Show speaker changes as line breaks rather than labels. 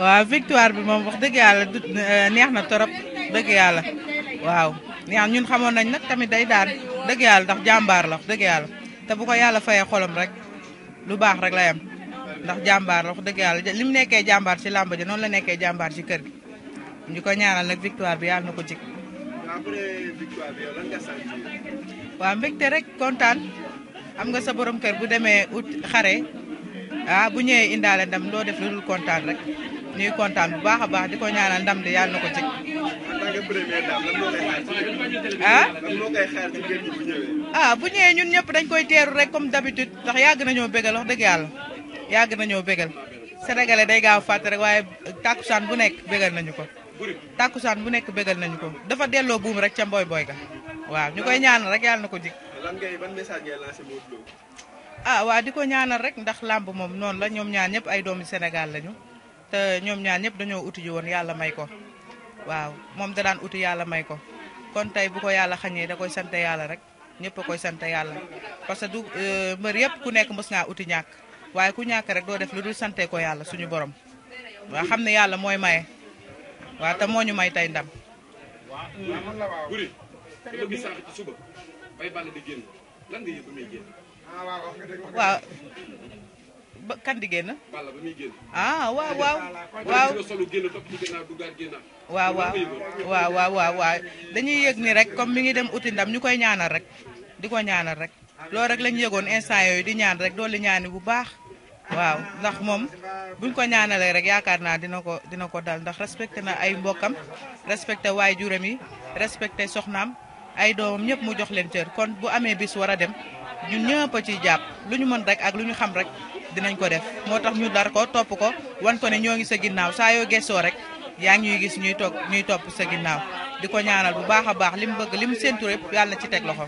waaw victoire bi moom wax dëgg yàlla du eh, torop dëgg yàlla waaw neex ñun xamoon nañ nag tamit day daan dëgg yàlla ndax jàmbaar la wax dëgg te bu ko yàlla fayee xolam rek lu baax rek lay am ndax jambar la wax dëgg yàlla li mu ci làmb ji la ci kër gi ñu ko ñaanal victoire bi rek am nga sa borom kër bu démé ut xaré ah bu ñëwé indaale ndam loo def lu kontan rek ñuy kontan bu baaxa baax di ko ñaanal ndam de yalla nako ko ah? ah bu ñëwé ñun ñëpp dañ koy téru rek comme d'habitude tax yag nañu bégal wax dëgg yalla yag nañu bégal sénégalais day gaaw fàtte rek waye takusan bu nekk bégal nañu ko takusan bu nekk bégal nañu ko dafa délo boom rek ca mboy boy ga waaw ñukoy ñaan rek yalla nako ko jik lan ngay ban ah waa di ko ñaanal rek ndax làmb moom noonu la ñoom ñaar ñëpp ay doomi Sénégal lañu te ñoom ñaan ñëpp dañoo uti ji woon yàlla may ko waaw moom da daan uti yàlla may ko kon tey bu ko yàlla xañee da koy sant yàlla rek ñëpp koy sant yàlla parce que du euh, mbër yëpp ku nekk mës ngaa uti ñàkk waaye ku ñàkk rek doo def lu dul sante ko yàlla suñu borom waa xam ne yàlla mooy maye waa te moo ñu may tey ndam. bay bàll di génn lan nga Wow, ba muy génn. ah wow, wow, wow, wow, wow, wow, kan di génn. wow, wow, wow, wow, ah waaw waaw. waaw wow, wow, wow, wow, wow, wow, wow, wow, waaw waaw waaw waaw waaw waaw dañuy yëg ni rek comme mi ngi dem wow, ndam wow, wow, ñaanal rek di ko ñaanal rek wow, rek wow, yëgoon instant yooyu di ñaan rek wow, ñaani bu baax waaw ndax moom buñ ko ñaanalee rek yaakaar naa dina ko dina ko dal ndax respecté na ay wow, respecté waay juram yi respecté soxnaam ay doomam ñëpp mu jox leen cër kon bu amee bis war a dem ñun ñëpp a ciy jàpp lu ñu mën rek ak lu ñu xam rek dinañ ko def moo tax ñu dar ko topp ko wan ko ne ñoo ngi sa ginnaaw saa yoo gestoo rek yaa ngi ñuy gis ñuy toog ñuy topp sa ginnaaw di ko ñaanal bu baax a baax li mu bëgg li mu séntu yëpp yàlla ci teg loxo